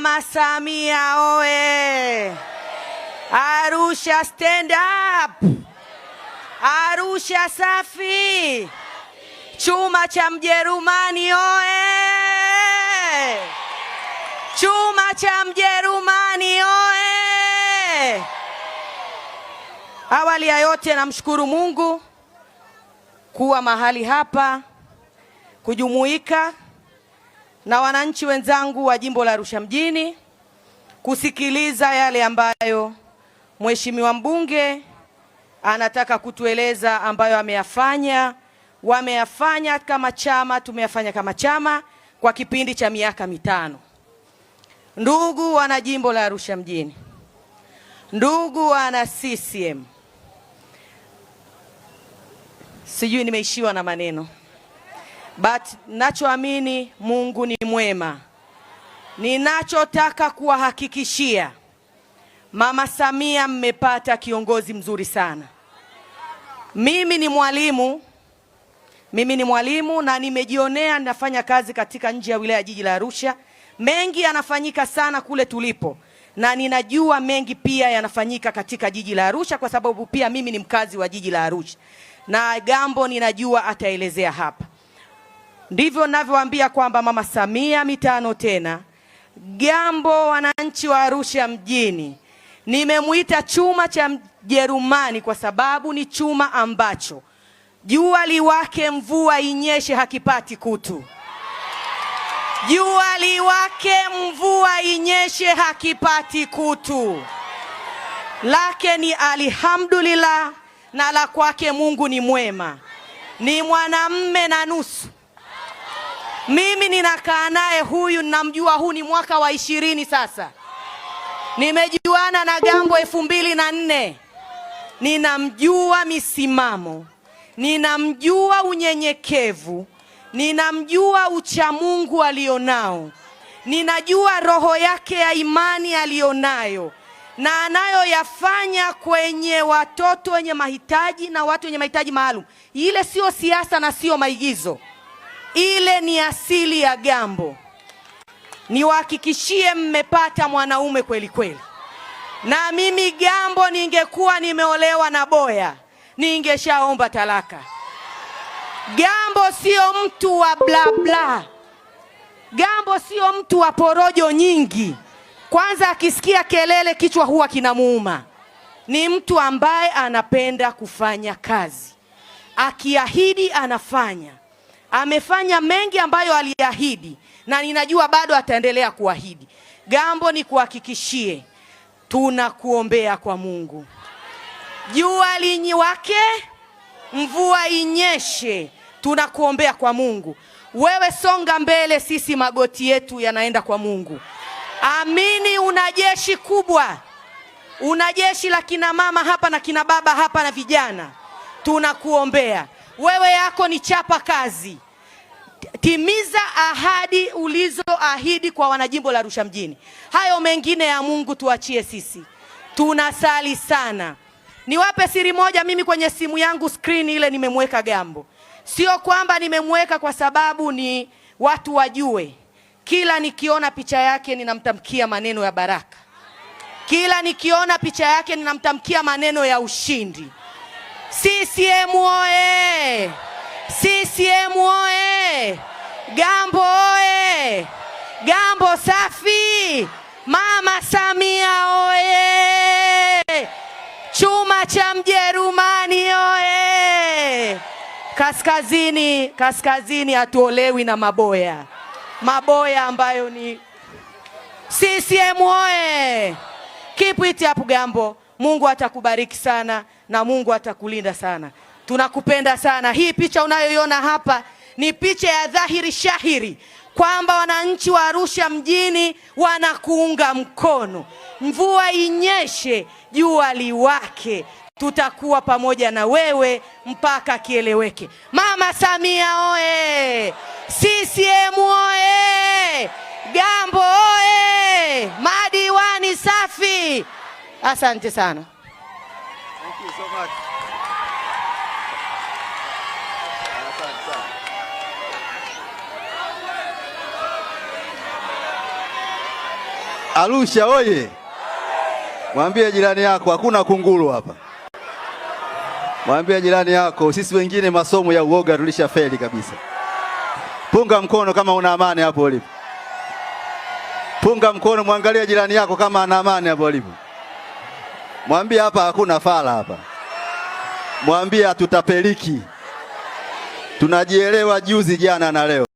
Mama Samia oe! Arusha stand up! Arusha safi! Chuma cha Mjerumani oe! Chuma cha Mjerumani oe! Awali ya yote namshukuru Mungu kuwa mahali hapa kujumuika na wananchi wenzangu wa jimbo la Arusha mjini kusikiliza yale ambayo mheshimiwa mbunge anataka kutueleza ambayo ameyafanya, wameyafanya kama chama, tumeyafanya kama chama kwa kipindi cha miaka mitano. Ndugu wana jimbo la Arusha mjini, ndugu wana CCM, sijui nimeishiwa na maneno but nachoamini Mungu ni mwema. Ninachotaka kuwahakikishia Mama Samia, mmepata kiongozi mzuri sana. Mimi ni mwalimu, mimi ni mwalimu na nimejionea, ninafanya kazi katika nje ya wilaya jiji la Arusha. Mengi yanafanyika sana kule tulipo, na ninajua mengi pia yanafanyika katika jiji la Arusha, kwa sababu pia mimi ni mkazi wa jiji la Arusha, na Gambo ninajua ataelezea hapa. Ndivyo ninavyowaambia kwamba Mama Samia mitano tena. Gambo, wananchi wa Arusha mjini, nimemwita chuma cha Mjerumani kwa sababu ni chuma ambacho jua liwake mvua inyeshe hakipati kutu. Jua liwake mvua inyeshe hakipati kutu. Lake ni alhamdulillah, na la kwake Mungu ni mwema, ni mwanamme na nusu mimi ninakaa naye huyu, namjua, huu ni mwaka wa ishirini sasa. Nimejuana na Gambo elfu mbili na nne. Ninamjua misimamo, ninamjua unyenyekevu, ninamjua uchamungu alionao, ninajua roho yake ya imani aliyonayo na anayoyafanya kwenye watoto wenye mahitaji na watu wenye mahitaji maalum. Ile siyo siasa na siyo maigizo. Ile ni asili ya Gambo. Niwahakikishie mmepata mwanaume kweli kweli. Na mimi Gambo, ningekuwa nimeolewa na Boya ningeshaomba talaka. Gambo sio mtu wa bla bla. Gambo sio mtu wa porojo nyingi. Kwanza akisikia kelele kichwa huwa kinamuuma. Ni mtu ambaye anapenda kufanya kazi, akiahidi anafanya amefanya mengi ambayo aliahidi, na ninajua bado ataendelea kuahidi. Gambo, ni kuhakikishie tunakuombea kwa Mungu, jua linyiwake, mvua inyeshe, tunakuombea kwa Mungu. Wewe songa mbele, sisi magoti yetu yanaenda kwa Mungu. Amini, una jeshi kubwa, una jeshi la kina mama hapa na kina baba hapa na vijana, tunakuombea wewe yako ni chapa kazi, timiza ahadi ulizoahidi kwa wanajimbo la Arusha mjini. Hayo mengine ya Mungu tuachie sisi, tunasali sana. Niwape siri moja, mimi kwenye simu yangu skrini ile nimemweka Gambo. Sio kwamba nimemweka kwa sababu ni watu wajue, kila nikiona picha yake ninamtamkia maneno ya baraka, kila nikiona picha yake ninamtamkia maneno ya ushindi. CCM oye! CCM oye! Gambo oye! Gambo safi! Mama Samia oye! Chuma cha Mjerumani oye! Kaskazini, kaskazini hatuolewi na maboya, maboya ambayo ni CCM oye! Keep it up Gambo, Mungu atakubariki sana na Mungu atakulinda sana. Tunakupenda sana. Hii picha unayoiona hapa ni picha ya dhahiri shahiri kwamba wananchi wa Arusha mjini wanakuunga mkono. Mvua inyeshe, jua liwake, tutakuwa pamoja na wewe mpaka kieleweke. Mama Samia oye! CCM oye! Gambo oye! Madiwani safi! Asante sana. alusha Arusha oye! Mwambie jirani yako hakuna kunguru hapa. Mwambie jirani yako sisi wengine masomo ya uoga feli kabisa. Punga mkono kama una amani hapo ulipo. Punga mkono, mwangalie jirani yako kama ana amani hapo ulipo. Mwambie hapa hakuna fala hapa. Mwambie hatutapeliki tunajielewa juzi, jana na leo.